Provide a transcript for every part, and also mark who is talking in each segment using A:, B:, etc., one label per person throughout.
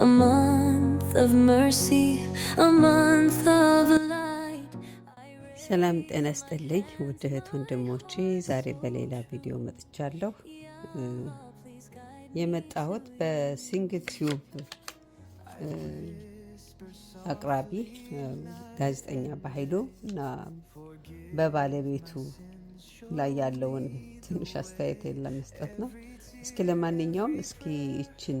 A: A month of mercy, a month of light. ሰላም ጤና ይስጥልኝ ውድ እህት ወንድሞቼ፣ ዛሬ በሌላ ቪዲዮ መጥቻለሁ። የመጣሁት በሲንግል ቲዩብ አቅራቢ ጋዜጠኛ በሀይሉ እና በባለቤቱ ላይ ያለውን ትንሽ አስተያየት ለመስጠት ነው። እስኪ ለማንኛውም እስኪ ይችን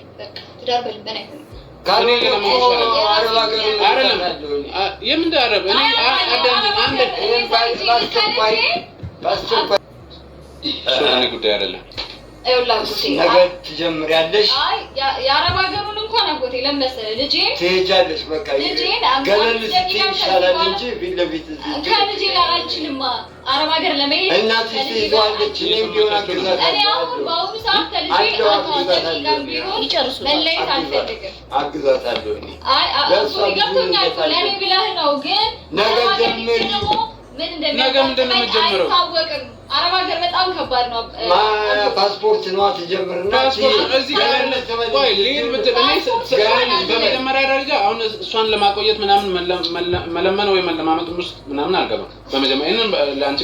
B: ትዳር በልበን አይሆንም። ጉዳይ አይደለም። ነገ
C: ትጀምሪያለሽ።
B: የአረብ ሀገሩን እንኳን አጎቴ ለመሰለህ ልጄን
C: ትሄጃለሽ። በቃ ገለል ስትይ ይሻላል እንጂ ፊት ለፊት
B: ከልጄ ጋር አልችልማ አረብ ሀገር ለመሄድ
C: እናትሽ ትይዘዋለች። እኔም ቢሆን
B: አግዛታለሁ። እኔ አሁን በአሁኑ ሰዓት
C: ከልጄ አታዋጣኝ ጋር ቢሆን
B: መለየት አልፈልግም።
C: አግዛታለሁ። እኔ
B: አይ ገብቶኛል እኮ ለእኔ ብለህ ነው ግን
C: ነገ ጀምር
D: ምን እንደሚያደርግ የምትጀምረው
B: አረብ ሀገር በጣም ከባድ ነው።
C: ፓስፖርት ነው ትጀምርና
D: በመጀመሪያ ደረጃ አሁን እሷን ለማቆየት ምናምን መለመን ወይ መለማመጥ ውስጥ ምናምን አልገባም። በመጀመሪያ ይህንን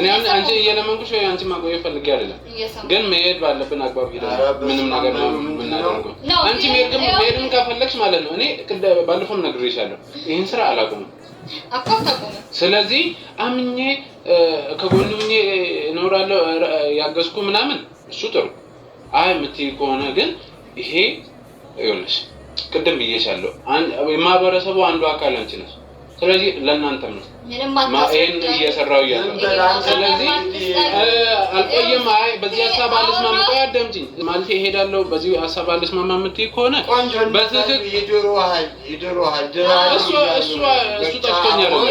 D: እኔ አሁን አንቺ እየለመንኩሽ ወይ አንቺ ማቆየት ፈልጌ አይደለም፣ ግን መሄድ ባለብን አግባብ ሄደ ምንም ነገር ነው የምናደርገው። አንቺ መሄድም ከፈለግሽ ማለት ነው እኔ ባለፈውም ነግሬሻለሁ፣ ይህን ስራ አላቆምም ስለዚህ አምኜ ከጎን ሆኜ እኖራለሁ ያገዝኩ ምናምን እሱ ጥሩ። አይ የምትይ ከሆነ ግን ይሄ ይኸውልሽ፣ ቅድም ብዬሻለሁ፣ የማህበረሰቡ አንዱ አካል አንቺ ነሽ። ስለዚህ ለእናንተም ነው
B: ይህን እየሰራው
D: እያለ ስለዚህ አልቆየም። አይ በዚህ ሀሳብ አልስማማ፣ ቆይ አዳምጪኝ ማለት ይሄዳለሁ። በዚህ ሀሳብ አልስማማ የምትይ ከሆነ በትክክል እሱ ስለዚህ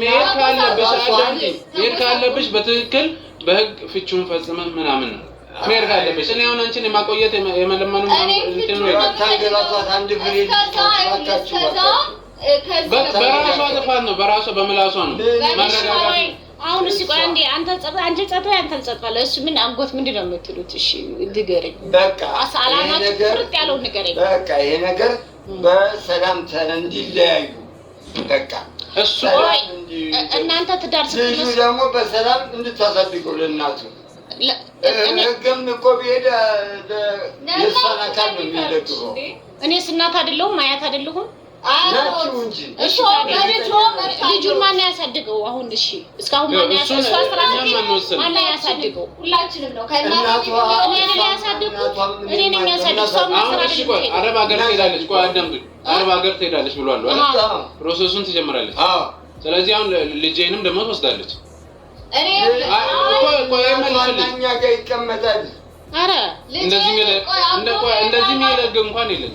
D: መሄድ ካለብሽ አዳምጪኝ፣ መሄድ ካለብሽ በትክክል በህግ ፍቹን ፈጽመ ምናምን ነው ሜር ካለብሽ እኔ አሁን አንቺን የማቆየት የመለመኑ
B: እንትን ነው።
D: በራሷ ጥፋት ነው። በራሷ በምላሷ ነው።
B: አሁን እሺ፣ ቆይ አንዴ፣ አንተ ጸጥ አንቺ ጸጥ ወይ አንተ ጸጥ ባለ እሺ፣ ምን አጎት ምንድን ነው የምትሉት? እሺ፣ ንገረኝ
C: በቃ። አላማችሁ ፍርጥ ያለው ንገረኝ በቃ። ይሄ ነገር በሰላም እንዲለያዩ
D: በቃ እሱ
B: እናንተ ትዳር ልጁ
C: ደግሞ በሰላም እንድታሳድገው ለእናቱ ህገም እኮ ብሄድ የእሷን አካል ነው የሚደግፈው።
B: እኔስ እናት አይደለሁም አያት አይደለሁም ልጁን ማን ያሳድገው? አሁን እሺ፣ እስካሁን ማን ያሳድገው? ሁላችንም ነው።
D: አረብ ሀገር ትሄዳለች አረብ ሀገር ትሄዳለች ብሏል ፕሮሰሱን ትጀምራለች። ስለዚህ አሁን ልጄንም ደግሞ ትወስዳለች። እንደዚህ የሚለግ እንኳን የለኝም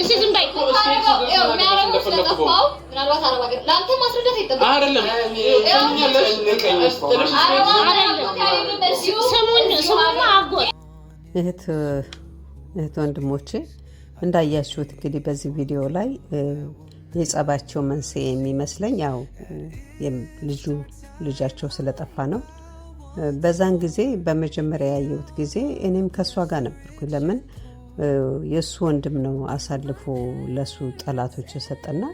B: እሺ ዝም በይ።
A: እህት እህት ወንድሞቼ እንዳያችሁት እንግዲህ በዚህ ቪዲዮ ላይ የጸባቸው መንስኤ የሚመስለኝ ያው ልጁ ልጃቸው ስለጠፋ ነው። በዛን ጊዜ በመጀመሪያ ያየሁት ጊዜ እኔም ከእሷ ጋር ነበርኩ። ለምን የእሱ ወንድም ነው አሳልፎ ለሱ ጠላቶች የሰጠና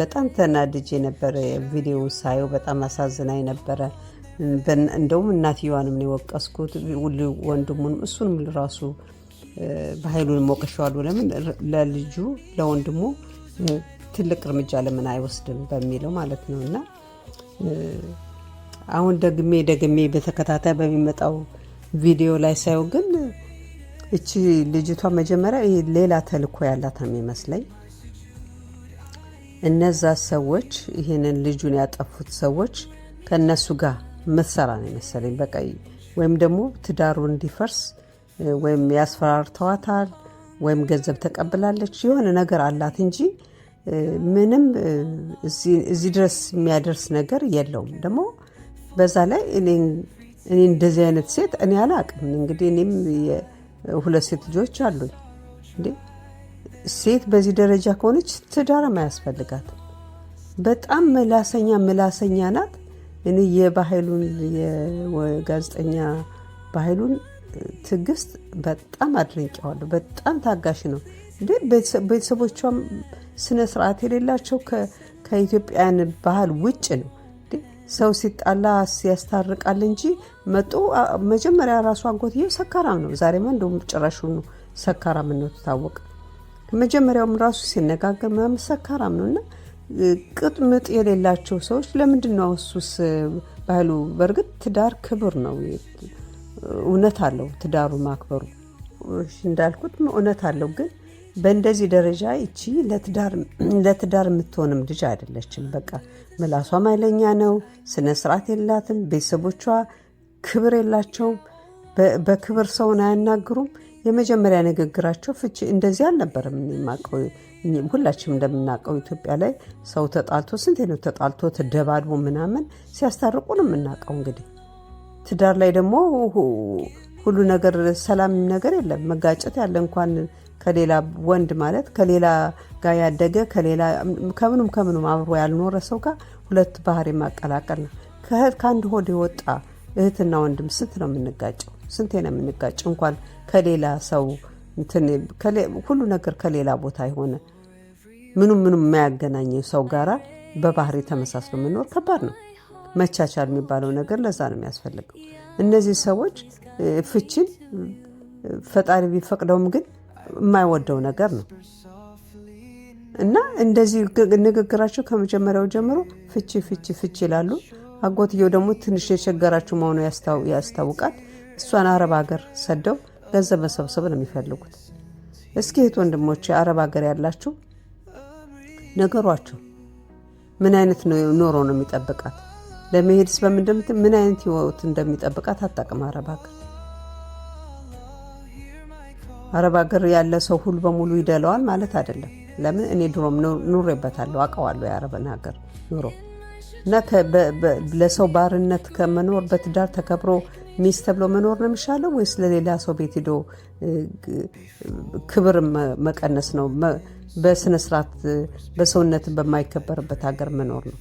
A: በጣም ተናድጄ ነበረ። ቪዲዮ ሳየው በጣም አሳዝናኝ ነበረ። እንደውም እናትየዋንም ነው የወቀስኩት፣ ወንድሙንም እሱንም ራሱ በሀይሉንም ወቅሸዋለሁ። ለምን ለልጁ ለወንድሙ ትልቅ እርምጃ ለምን አይወስድም በሚለው ማለት ነው። እና አሁን ደግሜ ደግሜ በተከታታይ በሚመጣው ቪዲዮ ላይ ሳየው ግን እቺ ልጅቷ መጀመሪያ ሌላ ተልእኮ ያላት ነው የሚመስለኝ። እነዛ ሰዎች ይህንን ልጁን ያጠፉት ሰዎች ከእነሱ ጋር መሰራ ነው የመሰለኝ። በቃ ወይም ደግሞ ትዳሩ እንዲፈርስ ወይም ያስፈራርተዋታል፣ ወይም ገንዘብ ተቀብላለች። የሆነ ነገር አላት እንጂ ምንም እዚህ ድረስ የሚያደርስ ነገር የለውም። ደግሞ በዛ ላይ እኔ እንደዚህ አይነት ሴት እኔ አላቅም እንግዲህ እኔም ሁለት ሴት ልጆች አሉኝ። እንዴ ሴት በዚህ ደረጃ ከሆነች ትዳርም አያስፈልጋት። በጣም ምላሰኛ ምላሰኛ ናት። እኔ የባህሉን የጋዜጠኛ ባህሉን ትዕግስት በጣም አድንቄዋለሁ። በጣም ታጋሽ ነው። እንዴ ቤተሰቦቿም ስነ ስርዓት የሌላቸው ከኢትዮጵያን ባህል ውጭ ነው። ሰው ሲጣላ ያስታርቃል እንጂ መጡ መጀመሪያ ራሱ አጎትየው ሰካራም ነው። ዛሬማ እንደውም ጭራሹን ነው ሰካራምነቱ መጀመሪያውም ራሱ ሲነጋገር ምናምን ሰካራም ነው እና ቅጥምጥ የሌላቸው ሰዎች ለምንድን ነው እሱስ ባህሉ? በእርግጥ ትዳር ክብር ነው፣ እውነት አለው ትዳሩ ማክበሩ እንዳልኩት እውነት አለው ግን በእንደዚህ ደረጃ ይቺ ለትዳር የምትሆንም ልጅ አይደለችም። በቃ ምላሷም ማይለኛ ነው። ስነ ስርዓት የላትም። ቤተሰቦቿ ክብር የላቸውም። በክብር ሰውን አያናግሩም። የመጀመሪያ ንግግራቸው ፍቺ እንደዚህ አልነበረም። የማውቀው ሁላችንም እንደምናውቀው ኢትዮጵያ ላይ ሰው ተጣልቶ ስንቴ ነው ተጣልቶ ተደባድቦ ምናምን ሲያስታርቁ ነው የምናውቀው። እንግዲህ ትዳር ላይ ደግሞ ሁሉ ነገር ሰላም ነገር የለም። መጋጨት ያለ እንኳን ከሌላ ወንድ ማለት ከሌላ ጋር ያደገ ከሌላ ከምኑም ከምኑም አብሮ ያልኖረ ሰው ጋር ሁለት ባህሪ ማቀላቀል ነው። ከአንድ ሆድ የወጣ እህትና ወንድም ስንት ነው የምንጋጨው? ስንቴ ነው የምንጋጨው? እንኳን ከሌላ ሰው ሁሉ ነገር ከሌላ ቦታ የሆነ ምኑም ምኑም የማያገናኝ ሰው ጋራ በባህሪ ተመሳስሎ የምኖር ከባድ ነው። መቻቻል የሚባለው ነገር ለዛ ነው የሚያስፈልገው። እነዚህ ሰዎች ፍቺን ፈጣሪ ቢፈቅደውም ግን የማይወደው ነገር ነው እና እንደዚህ ንግግራቸው ከመጀመሪያው ጀምሮ ፍቺ ፍቺ ፍቺ ይላሉ። አጎትየው ደግሞ ትንሽ የቸገራችሁ መሆኑ ያስታውቃል። እሷን አረብ ሀገር ሰደው ገንዘብ መሰብሰብ ነው የሚፈልጉት። እስኪ እህት ወንድሞች፣ አረብ ሀገር ያላችሁ ነገሯቸው። ምን አይነት ኖሮ ነው የሚጠብቃት? ለመሄድስ በምን ምን አይነት ህይወት እንደሚጠብቃት አታውቅም አረብ ሀገር አረብ ሀገር ያለ ሰው ሁሉ በሙሉ ይደለዋል ማለት አይደለም። ለምን እኔ ድሮም ኑሬበታለሁ፣ አውቀዋለሁ የአረብን ሀገር ኑሮ እና ለሰው ባርነት ከመኖር በትዳር ተከብሮ ሚስት ተብሎ መኖር ነው የሚሻለው ወይስ ለሌላ ሰው ቤት ሂዶ ክብር መቀነስ ነው? በስነስርዓት በሰውነትን በማይከበርበት ሀገር መኖር ነው?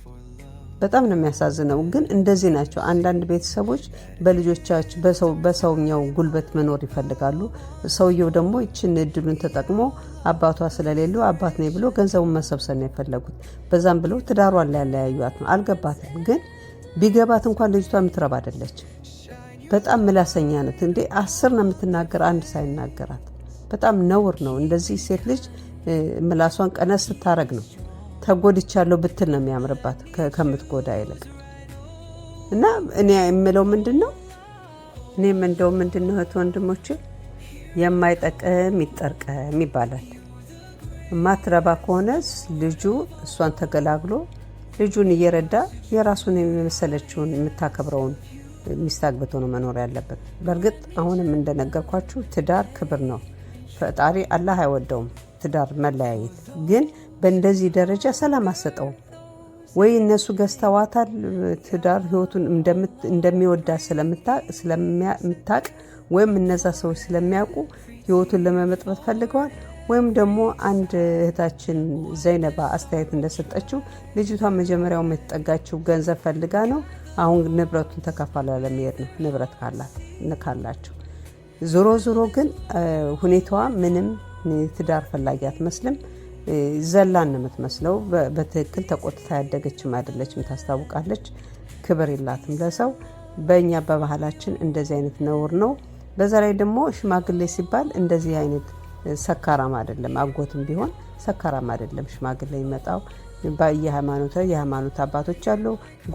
A: በጣም ነው የሚያሳዝነው። ግን እንደዚህ ናቸው አንዳንድ ቤተሰቦች በልጆቻቸው በሰውኛው ጉልበት መኖር ይፈልጋሉ። ሰውየው ደግሞ ይችን እድሉን ተጠቅሞ አባቷ ስለሌለው አባት ነኝ ብሎ ገንዘቡን መሰብሰብ ነው የፈለጉት። በዛም ብለው ትዳሯን ላያለያዩት ነው። አልገባትም። ግን ቢገባት እንኳን ልጅቷ የምትረባ አይደለች። በጣም ምላሰኛ ነት እንዴ! አስር ነው የምትናገር አንድ ሳይናገራት። በጣም ነውር ነው። እንደዚህ ሴት ልጅ ምላሷን ቀነስ ስታረግ ነው ተጎድቻለሁ ብትል ነው የሚያምርባት ከምትጎዳ ይልቅ እና እኔ የምለው ምንድን ነው እኔም እንደው ምንድን ነው እህት ወንድሞቼ የማይጠቅም ይጠርቀም ይባላል። የማትረባ ከሆነ ልጁ እሷን ተገላግሎ ልጁን እየረዳ የራሱን የመሰለችውን የምታከብረውን ሚስት አግብቶ ነው መኖር ያለበት። በእርግጥ አሁንም እንደነገርኳችሁ ትዳር ክብር ነው። ፈጣሪ አላህ አይወደውም ትዳር መለያየት ግን በእንደዚህ ደረጃ ሰላም አሰጠውም ወይ እነሱ ገዝተዋታል። ትዳር ህይወቱን እንደሚወዳ ስለምታቅ ወይም እነዛ ሰዎች ስለሚያውቁ ህይወቱን ለመመጥበት ፈልገዋል። ወይም ደግሞ አንድ እህታችን ዘይነባ አስተያየት እንደሰጠችው ልጅቷ መጀመሪያው የተጠጋችው ገንዘብ ፈልጋ ነው። አሁን ንብረቱን ተከፋላ ለመሄድ ነው ንብረት ካላቸው። ዞሮ ዞሮ ግን ሁኔታዋ ምንም ትዳር ፈላጊ አትመስልም። ዘላን ነው የምትመስለው። በትክክል ተቆጥታ ያደገችም አይደለችም፣ ታስታውቃለች። ክብር የላትም ለሰው። በእኛ በባህላችን እንደዚህ አይነት ነውር ነው። በዛ ላይ ደግሞ ሽማግሌ ሲባል እንደዚህ አይነት ሰካራም አይደለም፣ አጎትም ቢሆን ሰካራም አይደለም። ሽማግሌ ይመጣው የሃይማኖት የሃይማኖት አባቶች አሉ፣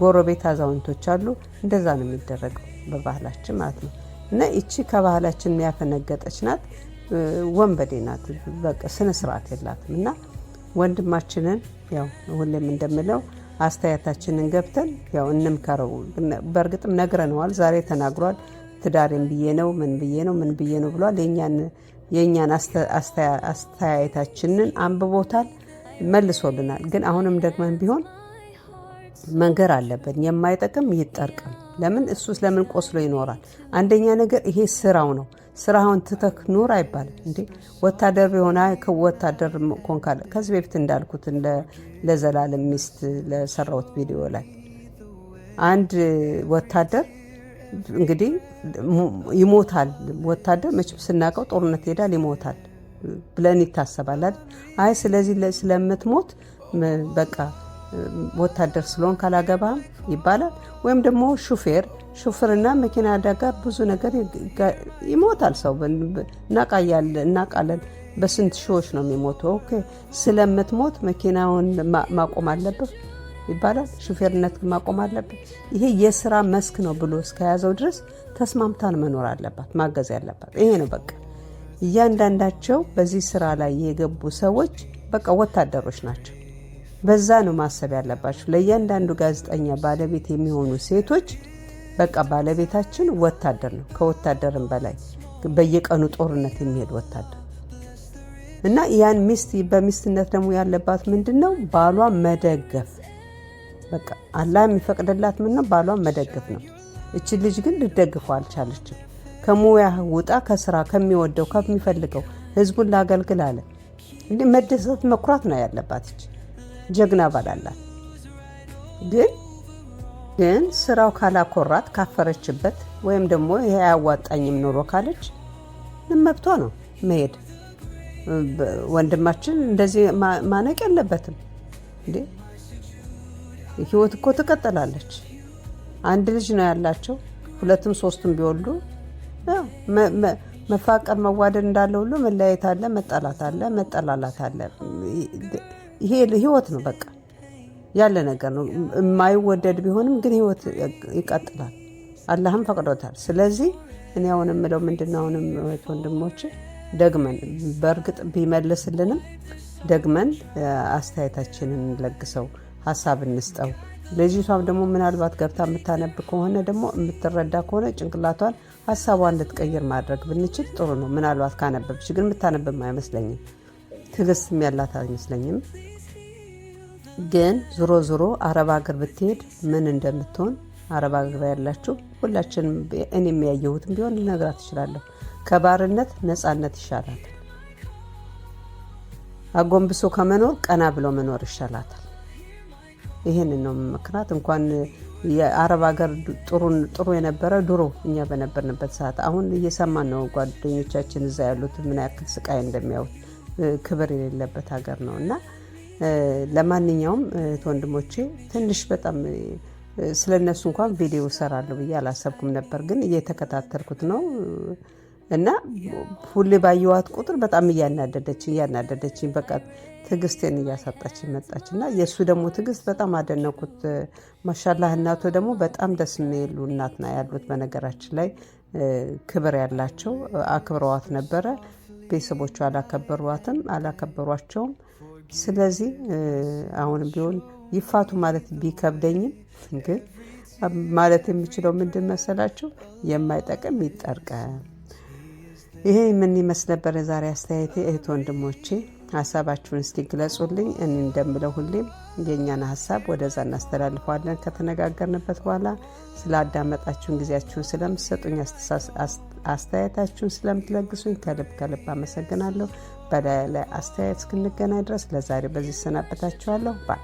A: ጎረቤት አዛውንቶች አሉ። እንደዛ ነው የሚደረገው በባህላችን ማለት ነው። እና ይቺ ከባህላችን ያፈነገጠች ናት። ወንበዴ ናት። በቃ ስነ ስርዓት የላትም እና ወንድማችንን ያው ሁሌም እንደምለው አስተያየታችንን ገብተን ያው እንምከረው። በእርግጥም ነግረነዋል፣ ዛሬ ተናግሯል። ትዳሬን ብዬ ነው ምን ብዬ ነው ምን ብዬ ነው ብሏል። የእኛን አስተያየታችንን አንብቦታል፣ መልሶልናል። ግን አሁንም ደግመን ቢሆን መንገር አለብን። የማይጠቅም ይጠርቅም ለምን እሱ ለምን ቆስሎ ይኖራል? አንደኛ ነገር ይሄ ስራው ነው። ስራውን ትተክ ኑር አይባልም እንዴ። ወታደር የሆነ ከወታደር ኮንካ ከዚህ በፊት እንዳልኩት ለዘላለም ሚስት ለሰራሁት ቪዲዮ ላይ አንድ ወታደር እንግዲህ ይሞታል። ወታደር መቼም ስናውቀው ጦርነት ይሄዳል፣ ይሞታል ብለን ይታሰባል። አይ ስለዚህ ስለምትሞት በቃ ወታደር ስለሆን ካላገባም ይባላል። ወይም ደግሞ ሹፌር ሹፍርና መኪና አደጋ ብዙ ነገር ይሞታል ሰው እናቃለን። በስንት ሺዎች ነው የሚሞተው። ስለምትሞት መኪናውን ማቆም አለብህ ይባላል። ሹፌርነት ማቆም አለብህ። ይሄ የስራ መስክ ነው ብሎ እስከያዘው ድረስ ተስማምታን መኖር አለባት፣ ማገዝ ያለባት ይሄ ነው። በቃ እያንዳንዳቸው በዚህ ስራ ላይ የገቡ ሰዎች በቃ ወታደሮች ናቸው። በዛ ነው ማሰብ ያለባቸው ለእያንዳንዱ ጋዜጠኛ ባለቤት የሚሆኑ ሴቶች በቃ ባለቤታችን ወታደር ነው፣ ከወታደርም በላይ በየቀኑ ጦርነት የሚሄድ ወታደር እና ያን ሚስት በሚስትነት ደግሞ ያለባት ምንድን ነው ባሏ መደገፍ በቃ አላህ የሚፈቅድላት ምን ነው ባሏ መደገፍ ነው። እች ልጅ ግን ልደግፈው አልቻለችም። ከሙያ ውጣ፣ ከስራ ከሚወደው ከሚፈልገው ህዝቡን ላገልግል አለ። እንዲህ መደሰት መኩራት ነው ያለባት እች ጀግና ባላላት ግን ግን ስራው ካላኮራት ካፈረችበት፣ ወይም ደግሞ ይሄ አያዋጣኝም ኖሮ ካለች መብቷ ነው መሄድ። ወንድማችን እንደዚህ ማነቅ የለበትም እንዴ! ህይወት እኮ ትቀጥላለች። አንድ ልጅ ነው ያላቸው። ሁለትም ሶስትም ቢወልዱ መፋቀር መዋደድ እንዳለ ሁሉ መለያየት አለ፣ መጠላት አለ፣ መጠላላት አለ። ይሄ ህይወት ነው፣ በቃ ያለ ነገር ነው። የማይወደድ ቢሆንም ግን ህይወት ይቀጥላል። አላህም ፈቅዶታል። ስለዚህ እኔ አሁን የምለው ምንድን አሁንም አሁንም ወንድሞች ደግመን በእርግጥ ቢመልስልንም ደግመን አስተያየታችንን ለግሰው ሀሳብ እንስጠው። ልጅቷም ደግሞ ምናልባት ገብታ የምታነብ ከሆነ ደግሞ የምትረዳ ከሆነ ጭንቅላቷን ሀሳቧን እንድትቀይር ማድረግ ብንችል ጥሩ ነው። ምናልባት ካነበብች ግን የምታነብም አይመስለኝም፣ ትዕግስትም ያላት አይመስለኝም። ግን ዞሮ ዞሮ አረብ ሀገር ብትሄድ ምን እንደምትሆን አረብ ሀገር ያላችሁ ሁላችንም እኔ የሚያየሁትም ቢሆን ልነግራት እችላለሁ። ከባርነት ነፃነት ይሻላል። አጎንብሶ ከመኖር ቀና ብሎ መኖር ይሻላታል። ይህን ነው መክናት። እንኳን የአረብ ሀገር ጥሩ የነበረ ድሮ እኛ በነበርንበት ሰዓት፣ አሁን እየሰማን ነው ጓደኞቻችን እዛ ያሉት ምን ያክል ስቃይ እንደሚያዩት ክብር የሌለበት ሀገር ነው እና ለማንኛውም እህት ወንድሞቼ ትንሽ በጣም ስለ እነሱ እንኳን ቪዲዮ እሰራለሁ ብዬ አላሰብኩም ነበር፣ ግን እየተከታተልኩት ነው እና ሁሌ ባየዋት ቁጥር በጣም እያናደደች እያናደደችኝ በቃ ትዕግስቴን እያሳጣችኝ መጣች እና የእሱ ደግሞ ትዕግስት በጣም አደነኩት። ማሻላህ እናቶ ደግሞ በጣም ደስ የሚሉ እናት ና ያሉት በነገራችን ላይ ክብር ያላቸው አክብረዋት ነበረ። ቤተሰቦቹ አላከበሯትም አላከበሯቸውም። ስለዚህ አሁን ቢሆን ይፋቱ ማለት ቢከብደኝም ግን ማለት የሚችለው ምንድን መሰላችሁ? የማይጠቅም ይጠርቀ። ይሄ ምን ይመስል ነበር ዛሬ አስተያየቴ። እህት ወንድሞቼ ሀሳባችሁን እስቲ ግለጹልኝ። እኔ እንደምለው ሁሌም የእኛን ሀሳብ ወደዛ እናስተላልፈዋለን። ከተነጋገርንበት በኋላ ስላዳመጣችሁን፣ ጊዜያችሁን ስለምትሰጡኝ፣ አስተያየታችሁን ስለምትለግሱኝ ከልብ ከልብ አመሰግናለሁ። በላይ አስተያየት እስክንገናኝ ድረስ ለዛሬ በዚህ ሰናበታችኋለሁ ባይ